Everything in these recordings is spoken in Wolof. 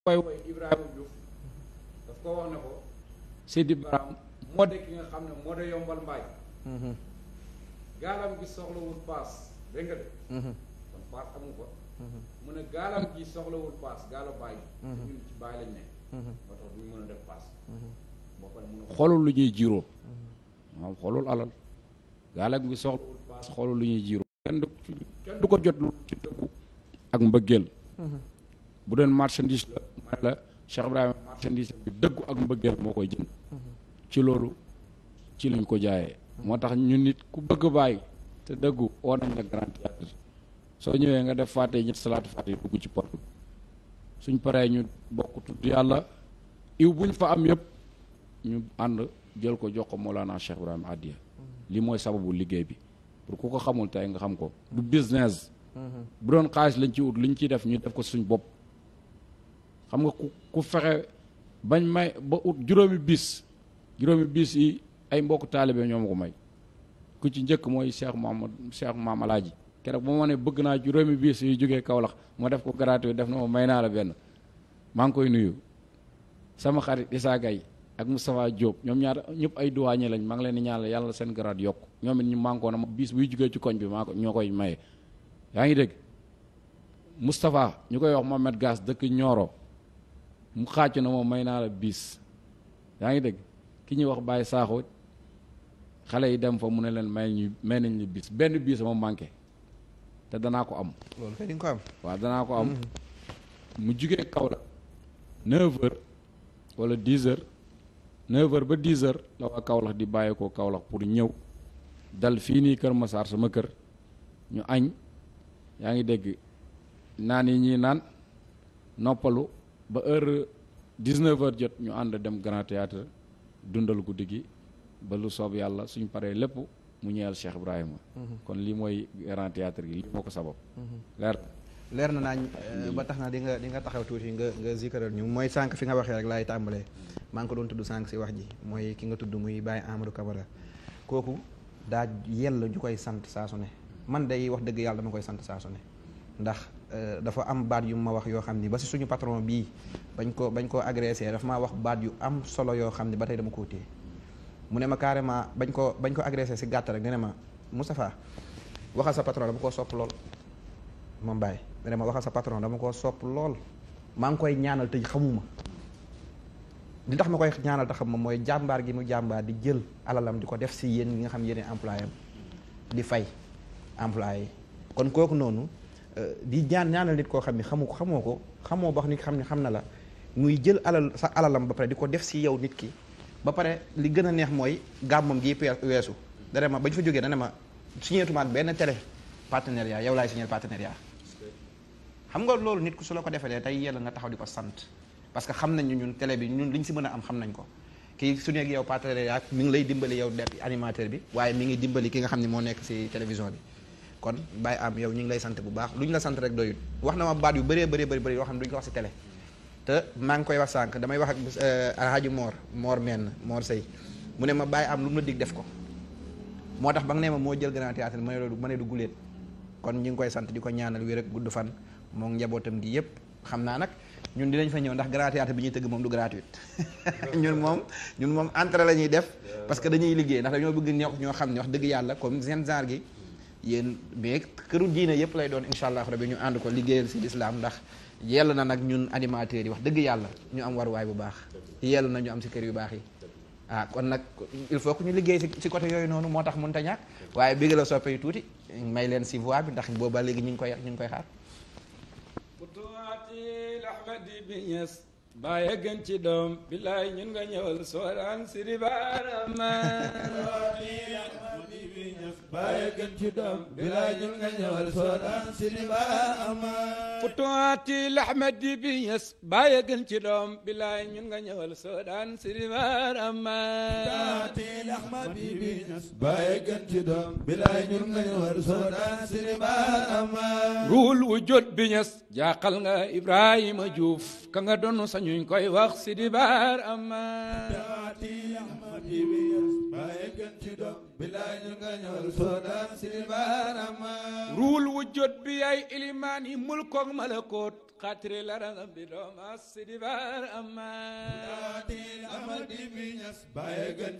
koy woy Ibrahima Diouf daf ko wax ne ko Sidi Baram moo de ki nga xam ne moo de yombal mbaay mhm. gaalam gi soxlawul paas dégg nga mhm. mhm. soxlawul paas gaala lu ñuy jiiroo maanaam xoolul alal gaalam gi soxlawul paas xoolul lu ñuy jiiroo kenn du kenn du ko jot lu ak mbëggeel bu doon marchandise la ne la Cheikh Ibrahima marchandise bi dëggu ak mbëggeel moo koy jënd ci loolu ci lañ ko jaayee moo tax ñun nit ku bëgg bàyyi te dëggu oo nañ grand théâtre soo ñëwee nga def fàtte ñett salaatu fàtte dugg ci porte suñ paree ñu bokk tudd yàlla iw buñ fa am yëpp ñu ànd jël ko jox ko Mawlana Cheikh Ibrahima addiya li mooy sababu liggéey bi pour ku ko xamul tey nga xam ko du business mm-hmm. bu doon xaalis lañ ci ut liñ ciy def ñu def ko suñ bopp xam nga ku ku fexe bañ may ba ut juróomi biis juróomi bis yi ay mbokku taalibe ñoo ko may ku ci njëkk mooy Cheikh Mamadou Cheikh Maam Alaaji keroog ba moo ne bëgg naa juróomi bis yu jógee Kaolack ma def ko gratuit def na ma may naa la benn maa ngi koy nuyu sama xarit Issa Gaye ak Moustapha Diop ñoom ñaar ñëpp ay duwaañe lañ maa leen di ñaanal yàlla seen grade yokk ñoom it ñu mànkoo na ma biis buy jógee ci koñ bi maa ko ñoo koy maye yaa ngi dégg Moustapha ñu koy wax Mohamed Gass dëkk Nioro mu xàccu na moom may naa la bis yaa ngi dégg ki ñuy wax bàyyi saaxoo xale yi dem fa mu ne leen may ñu may nañ ñu bis benn bis ma manqué te danaa ko am. loolu ko am. waaw danaa ko am. Mm-hmm. mu jugee kaw la neuf heures wala dix heures neuf ba dix heures la waa Kaolack di bàyyeekoo Kaolack pour ñëw dal fii nii Kër Massar sama kër ñu añ yaa ngi dégg naan yi ñuy naan noppalu. ba heure 19 jot ñu ànd dem grand théâtre dundal guddi gi ba lu soob yàlla suñ paree lépp mu ñëwal Cheikh Ibrahima. Mhm. kon lii mooy grand théâtre gi lii moo sabab. leer mhm. leer na naañ eh, ba tax na di nga di nga taxaw tuuti nga nga zikaral ñu mooy sànq fi nga waxee rek lay tàmbalee maa ngi ko doon tudd sànq si wax ji mooy ki nga tudd muy Baye Amadou Kabara kooku daa yell ju koy sant saa su ne man day wax dëgg yàlla dama koy sant saa su ne ndax. Euh, dafa am baat yu ma wax yoo xam ni ba si suñu patron bii bañ koo bañ koo agressé dafa maa wax baat yu am solo yoo xam ni ba tey dama koo téye mu ne ma carrément bañ koo bañ ko agressé si gàtt rek ne ne ma mustapha waxal sa patron dama koo sopp lool moom bàyyi ne ma waxal sa patron dama koo sopp lool maa ngi koy ñaanal tëj xamuma li tax ma koy ñaanal te xamuma mooy jàmbaar gi mu jàmbaar di jël alalam di ko def si yéen ñi nga xam yéen employé am di fay yi kon kooku noonu di jaan ñaanal nit koo xam ne xamu xamoo ko xamoo ba nit xam ne xam na la muy jël alal sa alalam ba pare di ko def si yow nit ki ba pare li gën a neex mooy gàmmam gi weesu dana ma ba ñu fa jógee dana ma signé tumaat benn télé partenariat yow laay signé partenariat xam nga loolu nit ku su la ko defalee tey yàlla nga taxaw di ko sant parce que xam nañu ñun télé bi ñun li ñu si mën a am xam nañ ko kii su nekk yow partenariat mu ngi lay dimbali yow def animateur bi waaye mi ngi dimbali ki nga xam ne moo nekk si télévision bi kon Baye am yow ñu ngi lay sant bu baax lu ñu la sant rek doyut wax na ma baat yu bëree bëree bëri yoo xam ne du ñu ko wax si télé te maa ngi koy wax sànq damay wax ak euh, alxaaji Moor Moor menn Moor Sey mu ne ma bàyyi am lu mu la dig def ko moo tax ba ne ma moo jël grand théâtre ma ne ma ne du kon ñu ngi koy sant di ko ñaanal wér ak gudd fan moom njabootam gi yëpp xam naa nag ñun dinañ fa ñëw ndax grand théâtre bi ñuy tëgg moom du gratuite ñun moom ñun moom entrée la ñuy def parce que dañuy liggéey ndax dañoo bëgg ñoo ñoo xam ne wax dëgg yàlla comme seen genre gi yéen mais këru diine yëpp lay doon incha allah rabi ñu ànd ko liggéeyal si lislaam ndax yell na nag ñun animateurs yi wax dëgg yàlla ñu am waay bu baax yell na ñu am si kër yu baax yi ah kon nag il faut que ñu liggéey si si côté yooyu noonu moo tax mun a ñàkk waaye bi nga la soppee tuuti may leen si voix bi ndax booba léegi ñu ngi koy ñu ngi koy xaar. baaye gën ci doom billaay ñun nga ñëwal sooraan siri baaramaan baaye gën ci doom billaay ñun nga ñëwal sooraan siri baaramaan futuwaati laxmadi bi ñes baaye gën ci doom billaay ñun nga ñëwal siri baaramaan futuwaati ruul wujud bi ñes jaaxal nga Ibrahima Diouf ka nga doon sañu ñuñ koy wax si di baar amma ruul wujjot bi yaay ilimaan yi mulkook malakoot xatri laranam bi dooma sidi bar amma atil amadi bi ñas bàyyi gën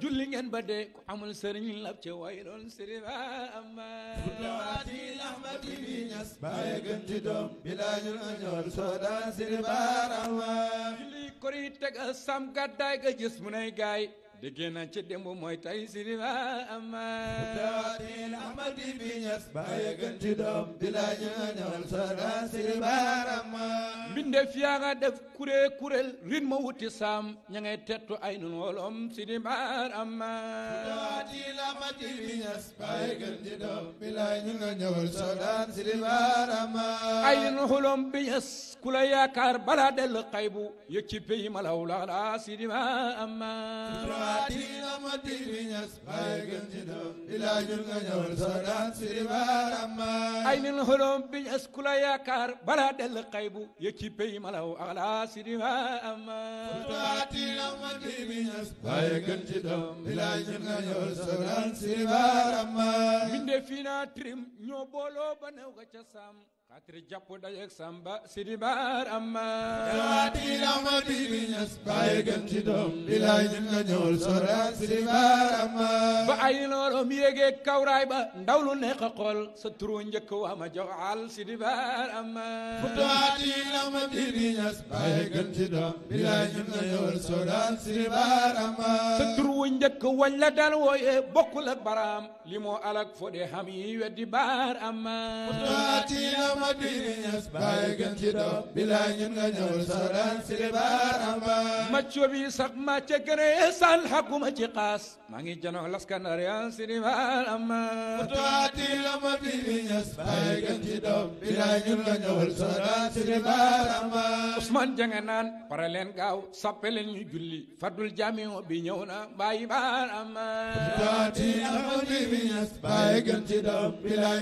julli ngeen ba dee ku amul sëriñ lab ci way doon sidi bar amma atil amadi bi ñas bàyyi gën ci doom bi laa mu nay gaay déggee naa ci démb mooy tay sirifa amaa dawatin ahmadi bi ñas bàyyi gën ci doom bi laa ñaanal sa daa sirifa amaa mbindeef yaa nga def kuré kuréel ña ngay tettu ay nun wolom sirifa amaa dawatin ahmadi gën ci doom bi laa ñaanal sa daa sirifa amaa ay nun xolom bi ku la yaakaar balaa dellu xaybu yëg ci pays malaw laa sirifa amaa faati la ma tiibi ñas baay gën ci doom ilaa jur nga ñëwal soo ay nin xolom bi ku la yaakaar balaa dell xaybu yëcci ci doom ilaa jur nga ñëwal soo daan siri baaram ñoo booloo ba new ga ca xatri jàpp dajeeg samba sidi di bi ñas bàyyi gën ci doom bilaay ñun kawraay ba ndaw lu neex a xool sa turu njëkk njëkk wañ la daan wooye bokkul ak baraam li moo alak fo dee xam yi weddi baar amma ma diini ñas bàyyi gën ci doom bilaay ñun nga ñëwul soodaan si li baar amba ma coobi sax ma ca gëne sal xakuma ci maa ngi janoo laskan ariyaan si li baar amba ma ci doom bilaay ñun nga ñëwul soodaan si li baar amba Ousmane jange naan pare leen gaaw sappe leen ñu julli fadul jaamiyo bi ñëw na bàyyi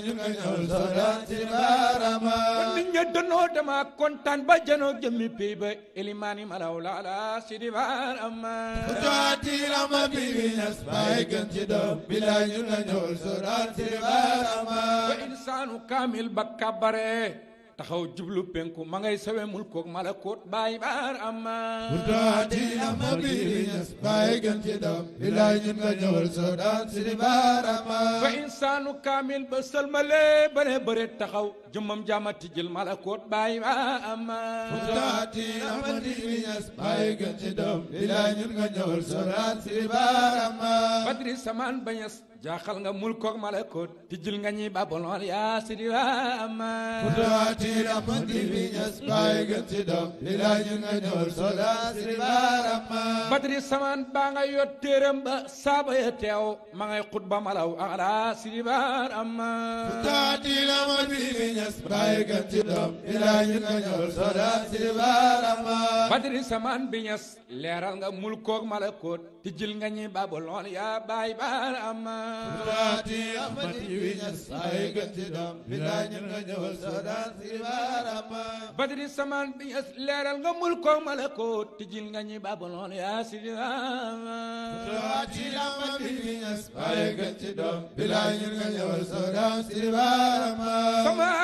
ñun nga ñëwul soodaan si li baar alama nit ña danoo dama kontaan ba janoo jëmmi pey ba elimaani malaw laala sidi baar amma futuati lama bi bi nas baay gën ci doom bilaa ñu la ñool soraan sidi baar amma wa insaanu kaamil ba kabare taxaw jublu penku ma ngay sawe mul koog malakoot baay baar amma murtaati amma biiñas baay gën ci dam bilaay nga ñëwal soo si di baar amma fa insaanu kaamil ba sëlmale ba ne bëre taxaw jëmmam jaamati jël malakoot baay baar amma murtaati amma biiñas baay gën ci dam bilaay ñun nga ñëwal soo si di baar amma badri samaan bañas jaaxal nga mul koog malakut tijjil nga ñi babalool yaa sidira amma baay gën ci doom bi laa nga ñool soda sidira baa nga yot téeram ba saaba ya teew ma ngay xutba malaw a sidira amma futuwaati ramandi bi ñas baay gën ci bi laa ñu nga ñool soda bi ñas leeral nga mul koog faati ahmadi wi ñas ay ganti doom bilaay ñan nga ñëwal soodaan si baarama badri samaan bi ñas leeral nga mul ko malakoot nga ñi babaloon si faati ahmadi wi ñas ay ganti doom bilaay ñan nga ñëwal soodaan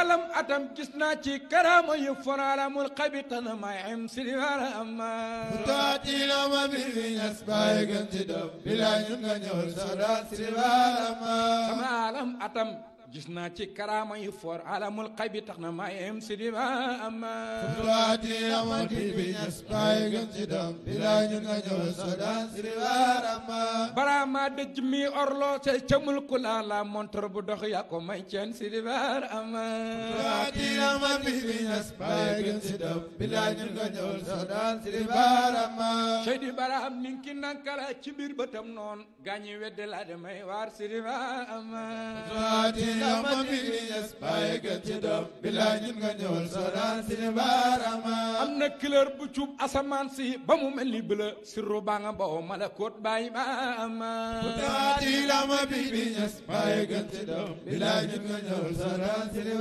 alam atam gis naa ci karaama may am si baarama faati ahmadi wi alam atam gis naa ci karaama yu for alamul xay tax na may em sidima amma fulaati amati bi ñes gën si dam bilaay ñun nga ñëw sa daan siriwaar amma barama dëj mi orlo say cëmul ku laa la montre bu dox yaa ko si dam bilaay ñun nga ñëw sa daan siriwaar amma seydi baram noon gaañi wedde laa de may waar siriwaar amma yow ma mi ñes bàyyi gën ci doom am na couleur bu cuub asamaan si ba mu mel ni bleu si rubaa nga ba oo bu la ma bi nga ñëwal soo daan si ni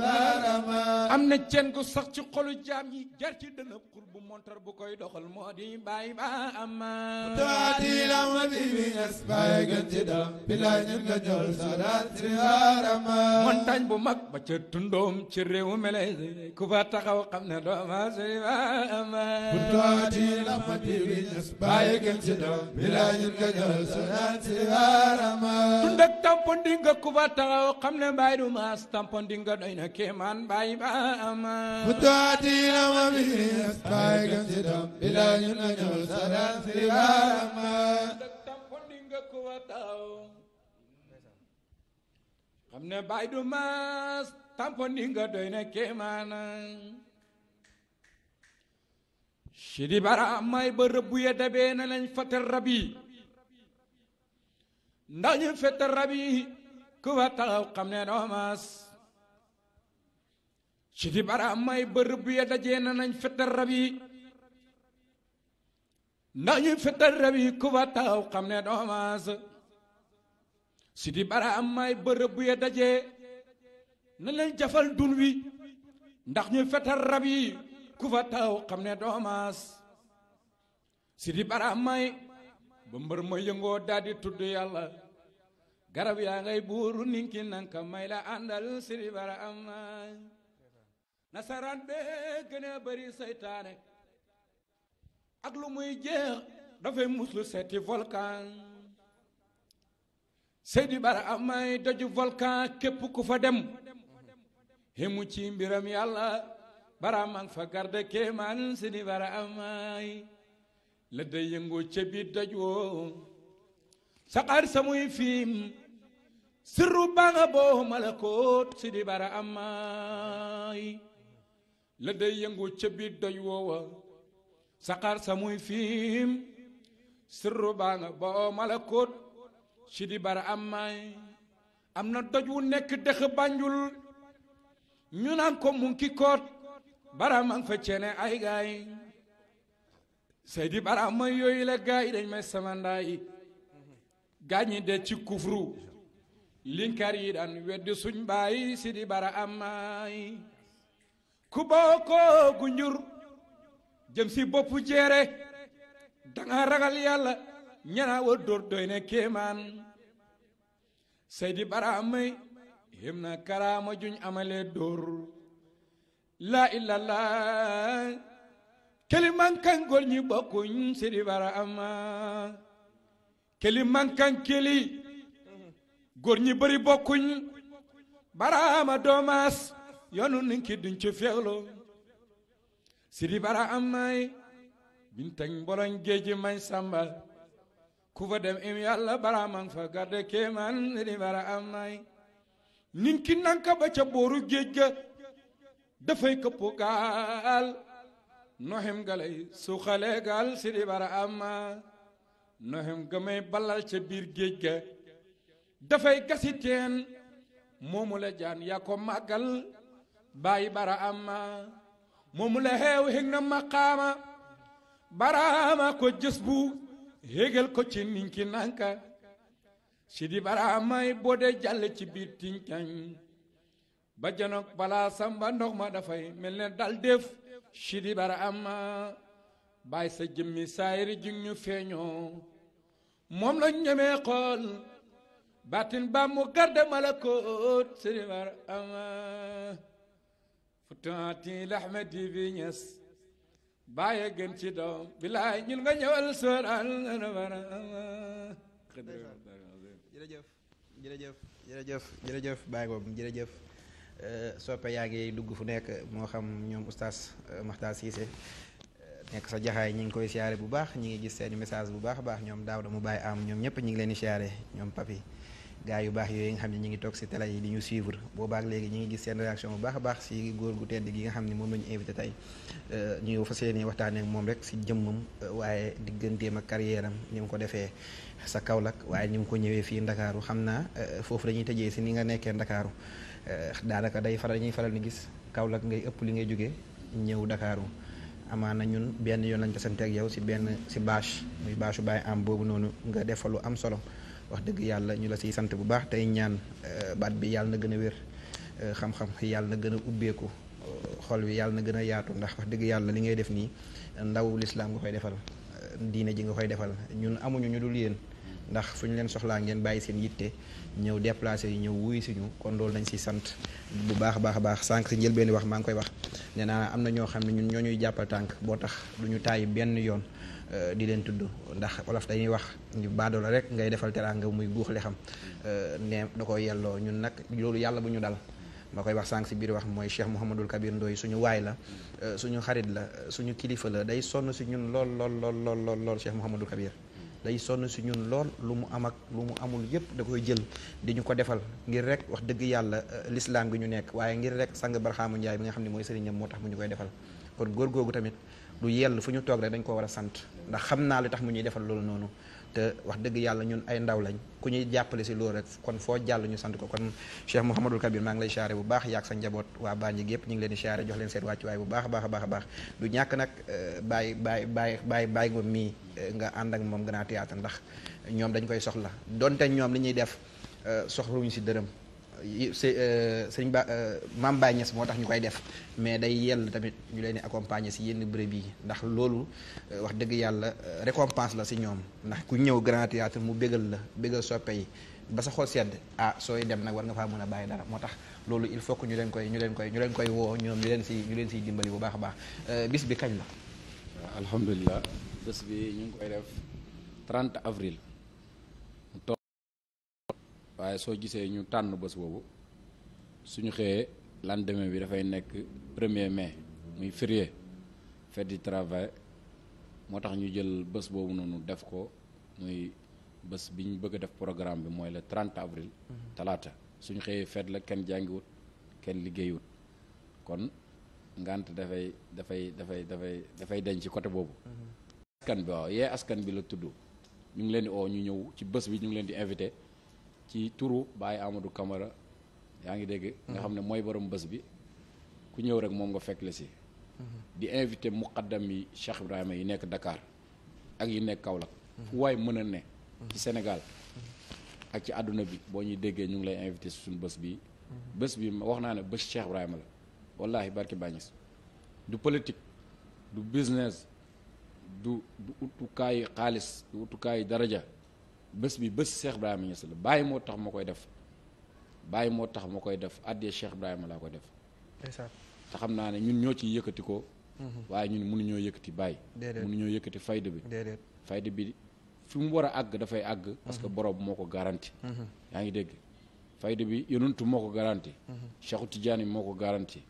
am na ceen gu sax ci xolu jaam yi jar ci dënëb xur bu montar bu koy doxal moo di bàyyi baama bu montagne bu mag ba ca tundoom ci réew mi lay ku fa taxaw xam ne dooma suy maama bu tooti la ma diwi ñes bàyyi gën ci doom bi laa ñun nga ñëwal sa naan si waarama tund ak tampondi nga ku fa taxaw xam ne mbaay du maas tampondi nga doy na kéemaan bàyyi maama bu tooti la ma diwi ku fa taxaw xam ne baay du maas tamponi nga doy na kéemaana si di bara may ba rëbbu ya dabee na lañ fetal rab yi ndax ñu fetal rab yi ku ne doo si di bara may ba rëbbu ya dajee na lañ fetal rab yi ndax ñu fetal rab yi ku ne doo sidi bara am maay bërëb bu ye dajee na leen jafal dun wi ndax ñu fetal rab yi ku fa taw xam ne doomaas sidi bara am maay ba mbër ma yëngoo daldi tudd yàlla garab yaa ngay buuru ninki nanka may la àndal sidi bara am maay nasaraan bee gën a bëri seytaane ak lu muy jeex dafay muslu seeti volkan Seydi Bara amay doju volcan képp ku fa dem himu ci mbiram yàlla bara mang fa garde kéemaan Seydi Bara ca biir doj woo saxaar samuy fiim sirru baa Bara amay la day yëngoo ca biir doj woowa saxaar samuy fiim sirru baa nga boo malakoot si di bara am maay am na doj wu nekk dëkk Banjul ñu naan ko munki koot bara ma fa ceene ay gaay Seydi Bara ma yooyu la gaay dañ may samandaay gaay ñi de ci kufru linkar yi daan weddi suñ baay Seydi Bara amaay ku bokkoo gu njur jëm si boppu jeere danga ragal yàlla ñana wër dóor doy na kéemaan Seydi Baraamay yem na karaama juñ amalee dóor laa illallah keliman kan góor ñi bokkuñ Seydi Baraama keliman kan keli góor ñi bëri bokkuñ Baraama doomaas yoonu ninki duñ ci feexlu Seydi Baraamay bintañ mboloñ géeji mañ samba ku fa dem im yàlla balaa fa garde kéemaan li bara am nay nin ba ca booru géej ga dafay këppu gaal noxem ga lay suuxalee si di bara amma noxem balal ca biir géej ga dafay gasi teen moomu la jaan yaa ko màggal bàyyi moomu la xeew xig na maqaama baraama ko jës héegal ko ci ninki nanka sidi baraamay boode jàll ci biir tinkañ ba janoog balaa samba ndox ma dafay mel ne dal def sidi baraama bàyyi sa jëmmi saayiri jig feeñoo moom la ñemee xool baatin ba mu garde malakoot sidi baraama futanti lahmadi bi ñes baaye gën ci doom bilaay ñun nga ñëwal sóoraal na bara jërëjëf jërëjëf jërëjëf jërëjëf bàyyi boobu jërëjëf euh, soppe yaa ngi dugg fu nekk moo xam ñoom oustaz euh, Makhtar Cissé euh, nekk sa jaxaay ñi ngi koy siyaare bu baax ñi ngi gis seeni message bu baax a baax ñoom daaw da mu bàyyi am ñoom ñëpp ñi ngi leen di siyaare ñoom papi gars yu baax yooyu nga xam ne ñi ngi toog si tele yi di ñu suivre boobaak léegi ñi ngi gis seen réaction bu baax a baax si góor gu tedd gi nga xam ne moom la ñu invité tey euh, ñu fas yéene waxtaanee waxtaaneek moom rek si jëmmam euh, waaye digganteem ak carrière am ni mu ko defee sa Kaolack waaye ñu mu ko ñëwee fii Ndakaaru xam naa euh, foofu la ñuy tëjee si ni nga nekkee Ndakaaru daanaka day faral ñuy faral di gis Kaolack ngay ëpp li ngay jógee ñëw Ndakaaru amaana ñun benn yoon lañ tasante ak yow si benn si bâche muy bâche bu am boobu noonu nga def fa lu am solo wax dëgg yàlla ñu la siy sant bu baax tey ñaan euh, baat bi yàlla na gën a wér euh, xam-xam yàlla na gën a ubbeeku euh, xol bi yàlla na gën a yaatu ndax wax dëgg yàlla li ngay def nii ndaw lislaam nga koy defal diine ji nga koy defal ñun amuñu ñu dul yéen ndax fu ñu leen soxlaa ngeen bàyyi seen yitte ñëw déplacé yi ñëw si ñu kon loolu nañ si sant bu baax a baax a baax sànq si njëlbeen wax maa ngi koy wax nee naa am na ñoo xam ne ñun ñoo ñuy jàppal tànk boo tax du ñu tàyyi benn yoon Euh, di leen tudd ndax wolof dañuy wax ñu baadoola rek ngay defal teraanga muy guux li xam euh, ne da koy yelloo ñun nag loolu yàlla bu ñu dal ma koy wax sànq si biir wax mooy Cheikh Mouhamadul Kabir ndooy suñu waay la euh, suñu xarit la suñu kilifa la day sonn si ñun lool lool lool lool lool lool Cheikh sonn si ñun lool lu mu am ak lu mu amul yépp da koy jël di ñu ko defal ngir rek wax dëgg yàlla lislaam gi ñu nekk waaye ngir rek sang Barxaamu Njaay bi nga xam ne mooy sëriñam moo tax mu ñu koy defal kon góor googu tamit lu yell fu ñu toog rek dañ ko war a sant ndax xam naa li tax mu ñuy defal loolu noonu te wax dëgg yàlla ñun ay ndaw lañ ku ñuy jàppale si loolu rek kon foo jàll ñu sant ko kon Cheikh Mouhamadul Kabir maa ngi lay siyaare bu baax yaag sa njaboot waa Banjul yëpp ñu ngi leen di jox leen seen wàccuwaay bu baax a baax a baax a baax du ñàkk nag bàyyi euh, baay bàyyi bàyyi bàyyi nga mii euh, nga ànd ak moom Grand Théâtre ndax ñoom dañ koy soxla donte ñoom li ñuy def euh, soxluñu si dërëm sëñ euh, Ba euh, Mame Baye moo tax ñu koy def mais day yell tamit ñu leen di accompagner si yenn bërëb yi ndax loolu euh, wax dëgg yàlla récompense la si ñoom ndax ku ñëw grand théâtre mu bégal la bégal soppe yi ba sa xol sedd ah sooy dem nag war nga faa mën a bàyyi dara moo tax loolu il faut que ñu leen koy ñu leen koy ñu leen koy woo ñoom ñu leen si ñu leen siy dimbali bu baax baax bis bi kañ la. alhamdulilah bés bi ñu ngi koy def 30 avril. waaye soo gisee ñu tànn bés boobu suñu xëyee lendemain bi dafay nekk premier mais muy férié fête du travail moo tax ñu jël bés boobu noonu def ko muy bés bi ñu bëgg a def programme bi mooy le trente avril. Mhm. talaata suñu xëyee fet la kenn jàngiwut kenn liggéeyiwut kon ngant dafay dafay dafay dafay dafay denc ci côté boobu. Mhm. askan bi waaw yee askan bi la tudd ñu ngi leen di oo ñu ñëw ci bés bi ñu ngi leen di invité. ci turu Baye Amadou kamara yaa ngi dégg. nga xam ne mooy borom bés bi ku ñëw rek moom nga fekk la si. di invité muqaddam yi Cheikh Ibrahima yi nekk Dakar ak yi nekk kawla fu waay mën a ne. ci Sénégal ak ci àdduna bi boo ñuy déggee ñu ngi lay invité si suñu bés bi bés bi wax naa ne bés Cheikh Ibrahima la wallaahi barki bàññis du politique du business du du utukaayu xaalis du utukaayu daraja. bés bi bés Cheikh Ibrahima Niass la bàyyi moo tax ma koy def bàyyi moo tax ma koy def addee Cheikh ma laa koy def. te xam naa ne ñun ñoo ciy yëkkati ko. Mhm. waaye ñun mënuñoo yëkkati bàyyi. déedéet ñoo yëkkati fayda bi. déedéet fayda bi fi mu war a àgg dafay àgg. parce que mhm. borom moo ko garanti. Mhm. yaa ngi dégg fayda bi yonantu moo ko garanti. Cheikhu Tidiane moo ko garanti.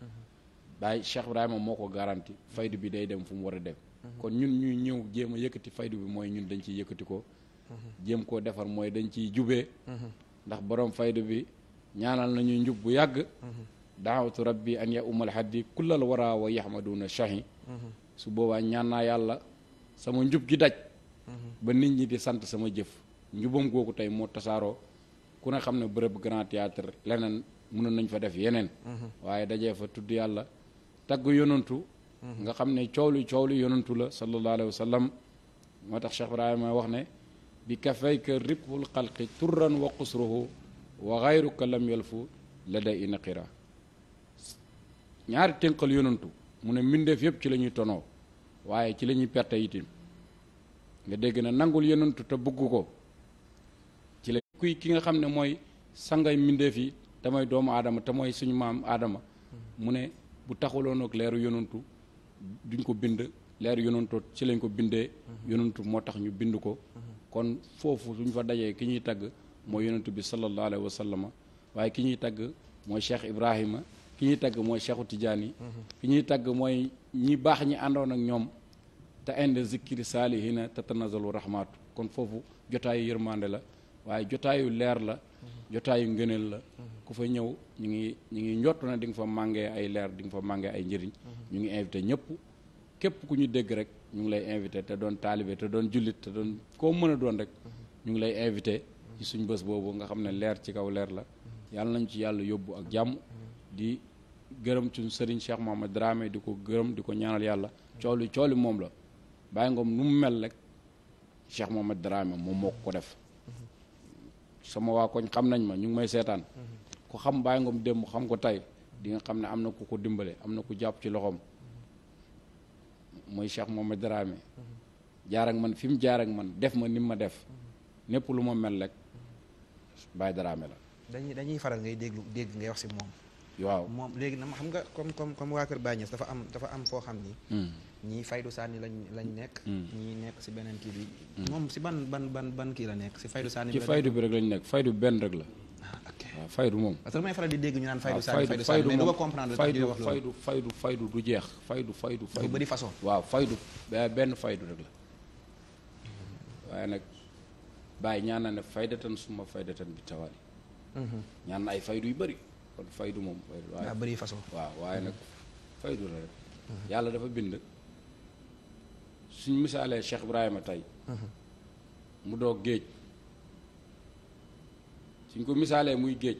bàyyi Cheikh Ibrahima moo ko garanti fayda bi day dem fu mu war a dem. kon ñun ñuy ñëw jéem a yëkkati fayda bi mooy ñun dañ ciy yëkkati ko. jéem koo defar mooy dañ ciy jubee ndax borom faydu bi ñaanal nañu njub bu yàgg daawatu rabbi an ya umal haddi kullal wara wa yahmaduna shahi su boobaa ñaan naa yàlla sama njub gi daj ba nit ñi di sant sama jëf njubam googu tey moo tasaaroo ku ne xam ne bërëb grand théâtre leneen mënoon nañ fa def yeneen waaye dajee fa tudd yàlla tagg yonantu nga xam ne coow li coow li yonantu la sallallahu alayhi wa moo tax Cheikh Ibrahima wax ne bi kafayka ribhul xalqi turran wa qusruhu wa xayruka lam yalfu la day ina xira ñaari tënkal yonantu mu ne mbindeef yëpp ci lañuy ñuy waaye ci lañuy ñuy perte itim nga dégg na nangul yonantu te bëgg ko ci la kuy ki nga xam ne mooy sangay mbindeef yi damay doomu aadama te mooy suñu maam aadama mu ne bu taxuloon ak leeru yonantu duñ ko bind leeru yonantu ci lañ ko bindee mm-hmm. yonantu moo tax ñu bind ko mm-hmm. kon foofu suñ fa dajee ki ñuy tagg mooy yonentu bi sallallahu alayhi wa sallama waaye ki ñuy tagg mooy cheikh ibrahima ki ñuy tagg mooy cheikhu tijaani ki ñuy tagg mooy ñi baax ñi àndoon ak ñoom te inde zikri saalihina tatanazalu rahmatu kon foofu jotaayu yërmande la waaye jotaayu leer la jotaayu ngëneel la ku fa ñëw ñu ngi ñu ngi njottu na di nga fa màngee ay leer di nga fa màngee ay njëriñ ñu ngi invité ñëpp képp ku ñu dégg rek ñu ngi lay invité te doon taalibe te doon jullit te doon koo mën a doon rek ñu ngi lay invité ci suñ bés boobu nga xam ne leer ci kaw leer la yàlla nañ ci yàlla yóbbu ak jàmm di gërëm ci sëriñ Cheikh Mohamed Dramé di ko gërëm di ko ñaanal yàlla cooli cooli moom la Baye Ngom nu mu mel rek Cheikh Mohamed Dramé moom moo ko def sama waa koñ xam nañ ma ñu ngi may seetaan ku xam Baye Ngom démb xam ko tey di nga xam ne am na ku ko dimbale am na ku jàpp ci loxoom mooy Cheikh Mohamed Dramé jaar ak man fi mu jaar ak man def ma ni ma def népp lu ma mel rek Baye Dramé la. dañuy dañuy faral ngay déglu dégg ngay wax si moom. waaw moom léegi nag xam nga comme comme comme waa Kër Baye dafa am dafa am foo xam ni. Hmm. ñii faydu sànni lañ lañ nekk. Hmm. ñii nekk si beneen kii bi. Hmm. moom si ban ban ban ban kii la nekk si faydu sànni. ci faydu bi rek lañ nekk faydu benn rek la. Ah, waa faydu moom parce que damay faral di dégg ñu naan faydu Sane faydu Sane du ma comprendre faydu wax faydu faydu faydu du faydu faydu faydu bëri façon waaw faydu faydu rek la nag bàyyi ñaan na ne faydatan suma mhm. ay faydu yu bëri kon faydu moom faydu bëri façon waaw waaye nag faydu la rek mhm. yàlla dafa bind suñ misaalee Cheikh Ibrahima tey mhm. mu doog géej suñ ko misaalee muy géej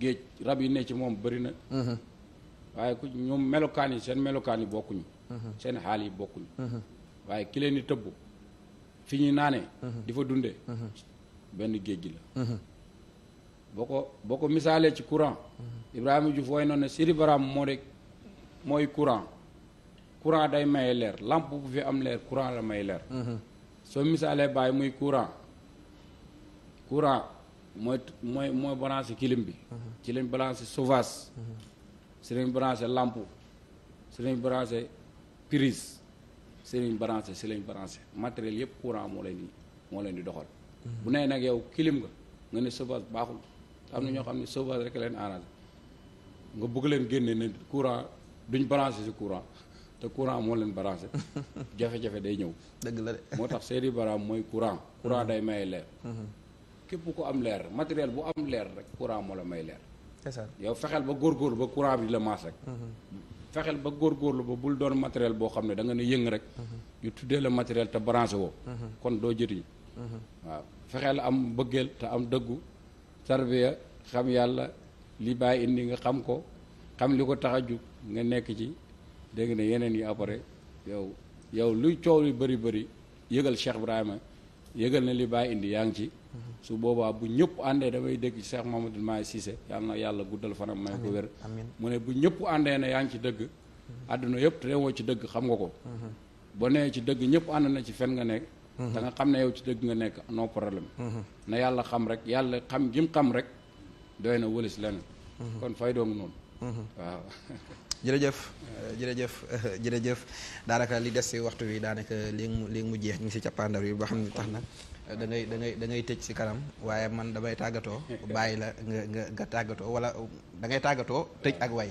géej rab yi ne ci moom bëri na waaye ku ñoom melokaan yi seen melokaan yi bokkuñu seen xaal yi bokkuñu waaye ki di tëbb fi ñu naanee di fa dundee benn géej gi la boo ko boo ko misaalee ci courant Ibrahima ju wooy noonu ne Sidi moo de mooy courant courant day maye leer lampe bu fi am leer courant la may leer soo misaalee bàyyi muy courant courant mooy mooy mooy branché kilim bi ci lañ branché sauvage si lañ branché lampe si lañ branché prise si lañ branché si lañ branché matériel yëpp courant moo leen di moo leen di doxal bu nee nag yow kilim nga nga ne sauvage baaxul am na ñoo xam ne sauvage rek leen arrangé nga bugg leen génne ne courant duñ branché si courant te courant moo leen branché jafe-jafe day ñëw dëgg la moo tax seedi baraam mooy courant courant mmh. day maye leer mmh. képp ko am leer matériel bu am leer rek courant moo la may leer. c'est yow fexeel ba góorgóorlu ba courant bi la maas rek. Mm-hmm. fexeel ba góor góorgóorlu ba bul doon matériel boo xam ne danga nga ne yëng rek. ñu mm-hmm. tuddee la matériel te branché woo. Mm-hmm. kon doo jëriñ. waaw fexeel am bëggeel te am dëggu. tarbiya xam yàlla li bàyyi indi nga xam ko xam li ko tax a jug nga nekk ci dégg nga ne yeneen yi après yow yow luy coow li bëri bari yëgal Cheikh Ibrahima. yëgal na li bàyyi indi yaa ngi ci su boobaa bu ñëpp àndee damay dégg ci Cheikh Mamadou Maye Cissé yal na yàlla guddal fanam may ko wér mu ne bu ñëpp àndee na yaa ngi ci dëgg àdduna yëpp te ci dëgg xam nga ko boo nee ci dëgg ñëpp ànd na ci fen nga nekk da nga xam ne yow ci dëgg nga nekk non problème na yàlla xam rek yàlla xam gim xam rek doy na wëlis lenn kon fay doongu noonu waaw jërëjëf jërëjëf jërëjëf daanaka li des si waxtu bi daanaka léegi mu léegi mu jeex ñu si cappaandaw yi ba xam ne tax na da ngay da tëj si kanam waaye man damay tàggatoo bàyyi la nga tàggatoo wala da ngay tàggatoo tëj ak way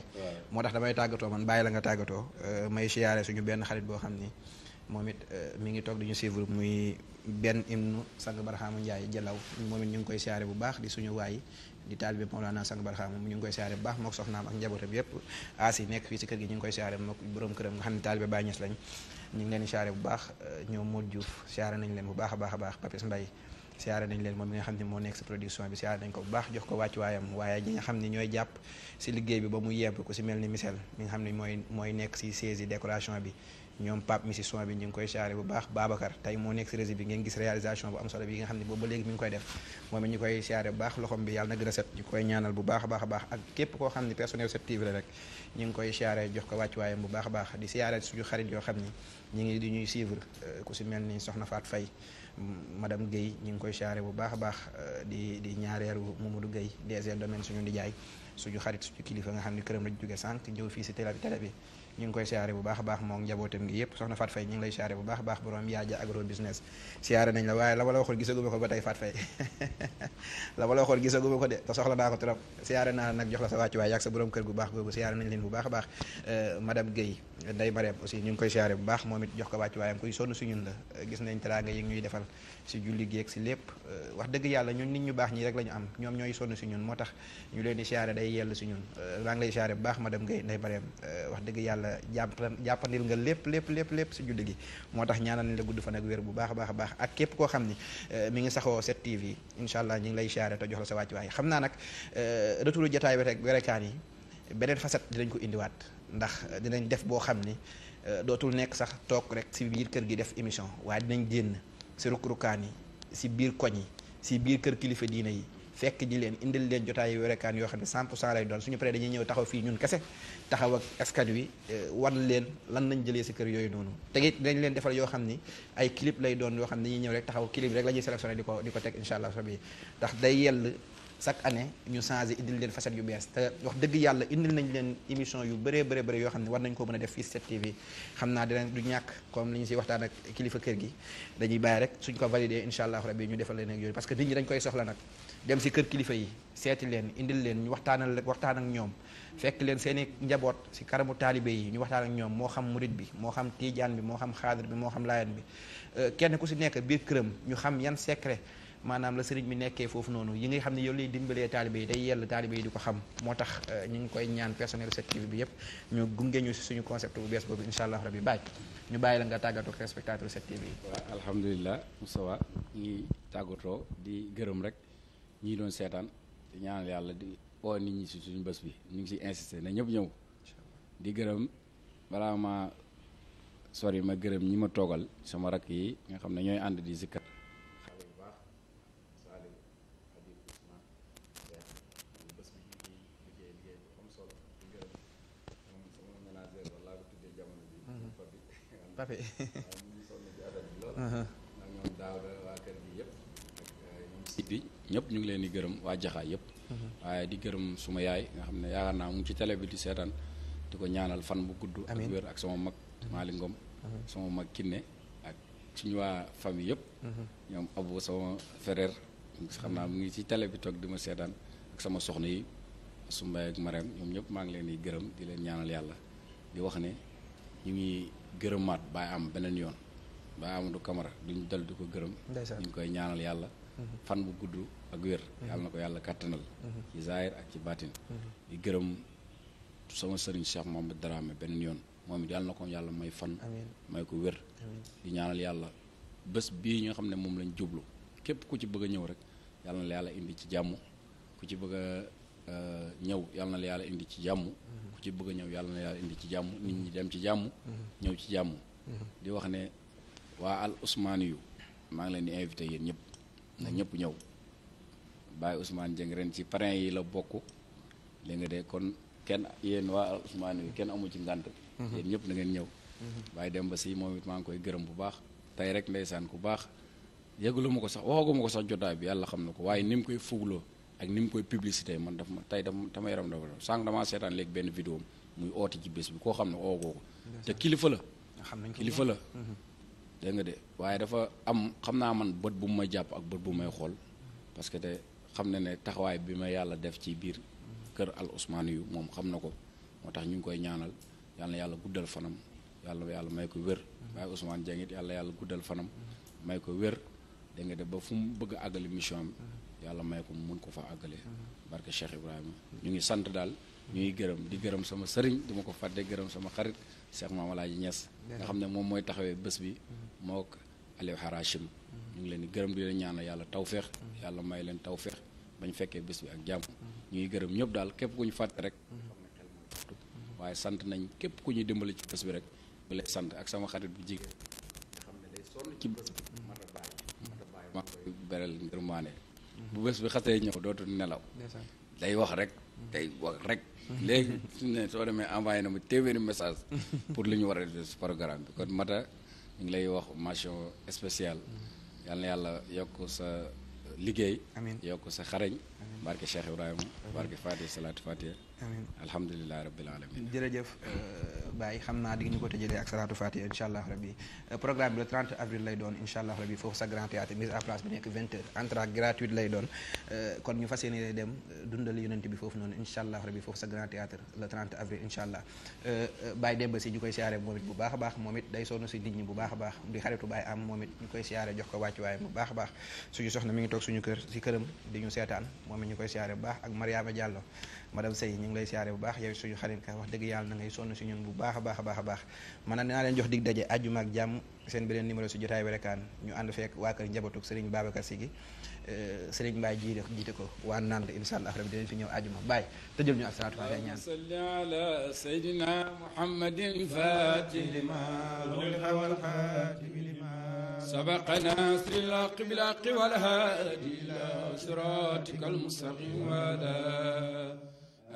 moo tax damay tàggatoo man bàyyi la nga tàggatoo euh, may siyaare suñu benn xarit boo xam ni moom it euh, mi ngi toog di ñu suivre muy benn hymne sang Barhama Ndiaye jëlaw moom it ñu ngi koy siyaare bu baax di suñu waay di taalibe Mawlana Sang Barxaam moom ñu ngi koy siyaare bu baax mook soxnaam ak njabootam yëpp aas yi nekk fii si kër gi ñu ngi koy siyaare mook borom këram nga xam ne taalibe Baay Ñas lañ ñu bu baax euh, ñoom Modou Diouf siyaare nañ leen bu baax a baax a baax Papis Mbaye siyaare nañ leen moom mi nga xam ne moo nekk si production bi siyaare nañ ko bu baax jox ko wàcc waayam waaye ñi nga xam ne ñooy jàpp si liggéey bi ba mu yebb ku si mel ni nga xam ne mooy mooy nekk si siège bi ñoom Pape mi si son bi ñu ngi koy charré bu baax Babacar tey moo nekk si régie bi ngeen gis réalisation bu am solo bi nga xam ne boobu ba léegi mi ngi koy def moom it a set ñu koy ñaanal bu baax a baax a baax ak képp koo xam ne personnel ngi koy charré jox ko wàccuwaayam bu baax a baax di siyaare suñu xarit yoo xam ni ñu ngi di ñuy suivre euh, ku si mel ni soxna Faat Fay madame Guèye ñu ngi koy charré bu baax a baax euh, di di ñaareelu Mamadou Guèye DG domaine suñu ndijaay suñu xarit suñu kilifa nga xam ne këram la jóge sànq ñëw fii si télé bi télé bi ñu ngi koy siyaare bu baax a baax moom njabootam gi yëpp soxna Fat Faye ñu ngi lay siyaare bu baax a baax borom yaaja agro business siyaare nañ la waaye la ma la waxoon gisaguma ko ba tey Fat Faye la ma la waxoon gisaguma ko de te soxla naa ko trop siyaare naa nag jox la sa wàccu waay yaag sa borom kër gu baax googu siyaare nañ leen bu baax a baax euh, madame Guèye Ndeye Mariam aussi ñu ngi koy siyaare bu baax moom it jox ko wàcc waayam kuy sonn si ñun la gis nañ teraanga yi ñuy defal si julli géeg si lépp euh, wax dëgg yàlla ñun nit ñu baax ñi rek lañu am ñoom ñooy sonn si ñun moo tax ñu leen di siyaare day yell si ñun euh, maa ngi lay siyaare bu baax madame Guèye Ndeye Mariam euh, wax dëgg yàlla jàpp jàppandil nga lépp lépp lépp lépp si julli gi moo tax ñaanal nañ la gudd fan bu baax a baax a ak képp koo xam ni mi ngi saxoo 7TV incha allah ñu ngi lay siyaare te jox la sa wàcc waay xam naa nag retour jataay bi rek werekaan yi beneen facette dinañ ko indiwaat ndax dinañ def boo xam ni euh, dootul nekk sax toog rek si biir kër gi def émission waaye dinañ génn si rukrukaan yi si biir koñ yi si biir kër kilifa diina yi fekk ji leen indil leen jotaay werekaan yoo xam ne 100 pour cent lay doon suñu paree dañuy ñëw taxaw fii ñun kese taxaw ak askan wi euh, wan leen lan lañ jëlee si kër yooyu noonu te it dañ leen defal yoo xam ni ay clip lay doon yoo xam ne dañuy ñëw rek taxaw clip rek la ñuy sélectionné di ko di ko chaque année ñu changé indil leen facette yu bees te wax dëgg yàlla indil nañ leen émission yu bëree bëree bëri yoo xam ne war nañ ko mën a def fii 7TV xam naa dinañ du ñàkk comme li ñu si waxtaan ak kilifa kër gi dañuy bàyyi rek suñ ko validé incha allah rabbi ñu defal leen ak yooyu parce que nit ñi dañ koy soxla nag dem si kër kilifa yi seeti leen indil leen ñu waxtaanal waxtaan ak ñoom fekk leen seeni i njaboot si karamu taalibe yi ñu waxtaan ak ñoom moo xam murit bi moo xam tiijaan bi xam xaadir bi moo xam laayan bi euh, kenn ku si nekk biir këram ñu xam yan secret maanaam la sëriñ bi nekkee foofu noonu yi nga xam ne yow lay dimbalee taalibe yi day yell taalibe yi di ko xam moo tax euh, ñu ngi koy ñaan personnel 7TV bi yépp ñu gunge ñu si suñu concept bu bees boobu incha allah rabbi baaj ñu bàyyi la nga tàggatoo ak spectateur 7TV yi waaw alhamdulilah Moustapha ñi tàggatoo di gërëm rek ñi doon seetaan di ñaanal yàlla di oo nit ñi si suñu bés bi ñu ngi si insisté na ñëpp ñëw di gërëm balaa ma sori ma gërëm ñi ma toogal sama rakk yi nga xam ne ñooy ànd di à ñëpp ñu ngi leen di gërëm waa jaxaay yëpp gërëm suma yaay nga xam ne yaakaar naa mu ngi ci télé bi di seetaan di ko ñaanal fan bu gudd ak wér ak sama mag Malick Ngom sama mag Kiné ak suñu waa famille yëpp mhm. ñoom Abou sama frère naa mu ngi ci télé bi toog di ma seetaan ak sama soxna yi su Mbaye ak Marème ñoom ñëpp maa ngi leen di gërëm di leen ñaanal yàlla di wax ne ñu ngi gërëmaat Baye Am beneen yoon Baye Amadou Camara duñ dal di ko gërëm ñu koy ñaanal yàlla mhm. fan bu gudd ak wér mhm. yàlla na ko yàlla kàttanal mhm. ci zaahir ak ci baatin di gërëm sama sëriñ Cheikh Mohamed Dramé beneen yoon moom it yàlla na ko yàlla may fan may ko wér di ñaanal yàlla bés bii ñoo xam ne moom lañ jublu képp ku ci bëgg a ñëw rek yàlla na la yàlla indi ci jàmm ku ci bëgg euh, ñëw yàlla na la yàlla indi ci jàmm ci bëgg a ñëw yàlla na yàlla indi ci jàmm nit ñi dem ci jàmm. ñëw ci jàmm. di wax ne waa al yu maa ngi leen di invité yéen ñëpp na ñëpp ñëw Baye Ousmane Dieng ren ci parrain yi la bokk li de kon kenn waa al Ousmane kenn amu ci ngànt yéen ñëpp na ngeen ñëw. si moom it maa ngi koy gërëm bu baax tey rek ndeysaan ku baax yëgalu ko sax waxagu ma ko sax jotaay bi yàlla xam na ko waaye ni mu koy fugloo. ak ni mu koy publicité man daf ma tey daf dama yaram dafa sànq damaa seetaan léegi benn vidéo muy oote ci bés bi koo xam ne oogoo ko te kilifa la kilifa la mhm. nga de waaye dafa am xam naa man bët bu mu ma jàpp ak bët bu may xool parce que te xam na ne taxawaay bi ma yàlla def ci biir kër al Ousmane yu moom xam na ko moo tax ñu ngi koy ñaanal yàlla yàlla guddal fanam yàlla yàlla may ko wér mhm. waaye Ousmane Dieng it yàlla yàlla guddal fanam may ko wér dégg nga de ba fu mu bëgg a mission am mhm. yàlla may ko mu mun ko fa àggale barke Cheikh Ibrahima ñu ngi sant daal ñu ngi gërëm di gërëm sama sëriñ duma ko fàtte gërëm sama xarit Cheikh Mame Alaaji Niass nga xam ne moom mooy taxawee bés bi moo Aliou Harachim ñu ngi leen di gërëm di leen ñaanal yàlla tawféex yàlla may leen tawféex bañ fekkee bés ñu ngi gërëm ñëpp daal képp ku ñu fàtte rek waaye sant nañ képp ku ñuy dimbali ci bés bi rek bi lay sant ak sama xarit bu jigéen nga xam ne day sonn ci bés bi mm. ma koy beral ngërmaane bu bés bi xasee ñëw dootul nelaw. day wax rek day wax rek. léegi su ne soo demee envoyé na ma téeméeri message. pour li ñu war a def si programme bi kon Mata ñu lay wax mention spéciale. Mm-hmm. yal na yàlla yokk sa liggéey. amiin yokk sa xarañ. barke Cheikh Ibrahima. barke Fatiha salaatu Fatiha. amiin alhamdulilah rabbil alamin bàyyi xam naa di ñu ko tëjëlee ak salaatu fatiha incha allah rabi euh, programme bi le 30 avril lay doon incha allah rabi foofu sa grand théâtre mise à place bi nekk 20 heures entrée gratuite lay doon euh, kon ñu fas yéene dem euh, dundal yonent bi foofu noonu incha allah rabi foofu sa grand théâtre le 30 avril incha allah bàyyi démb si ñu koy siyaare moom it bu baax a baax moom it day sonn si nit ñi bu baax a baax di xaritu bàyyi am moom it baax a baax a baax a baax man na naa leen jox dig daje àjjuma ak jàmm seen beneen numéro si jotaay Wérékane ñu ànd fekk waa kër njabootug Serigne Babacar Sy gi euh, Serigne Mbaye jiite ko waa Nande incha allah rabbi dinañ fi ñëw àjjuma bàyyi tëjal ñu ak salaatu faatiha ñaan salli ala sayyidina muhammadin fatih lima ughliqa wal khatim lima sabaqa nasril haqqi bil haqqi wal hadi ila siratikal mustaqim wa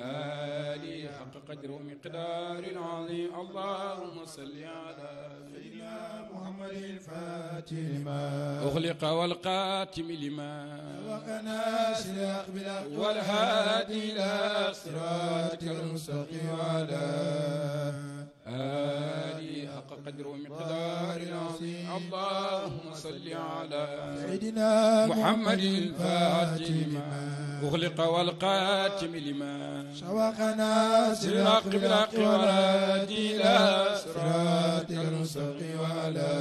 آلي حق قدر ومقدار العظيم اللهم صل على سيدنا محمد الفاتح لما أغلق والقاتم لما وقناس بالأقبل والهادي إلى صراطك المستقيم على هادي حق قدر ومقدار العظيم اللهم صل على سيدنا محمد الفاتح لما أغلق والقاتم لما شوقنا سراق بالحق والهادي إلى صراط المستقيم وعلى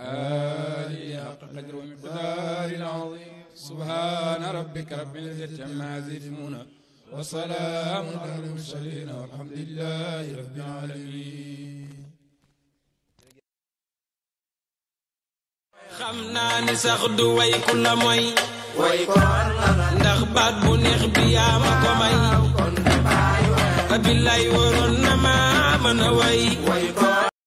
آله حق قدر ومقدار العظيم سبحان ربك رب العزة عما يصفون وسلام على المرسلين والحمد لله رب العالمين xam ku la mooy ndax baat bi yaa ma ko may abillaay ma mën a way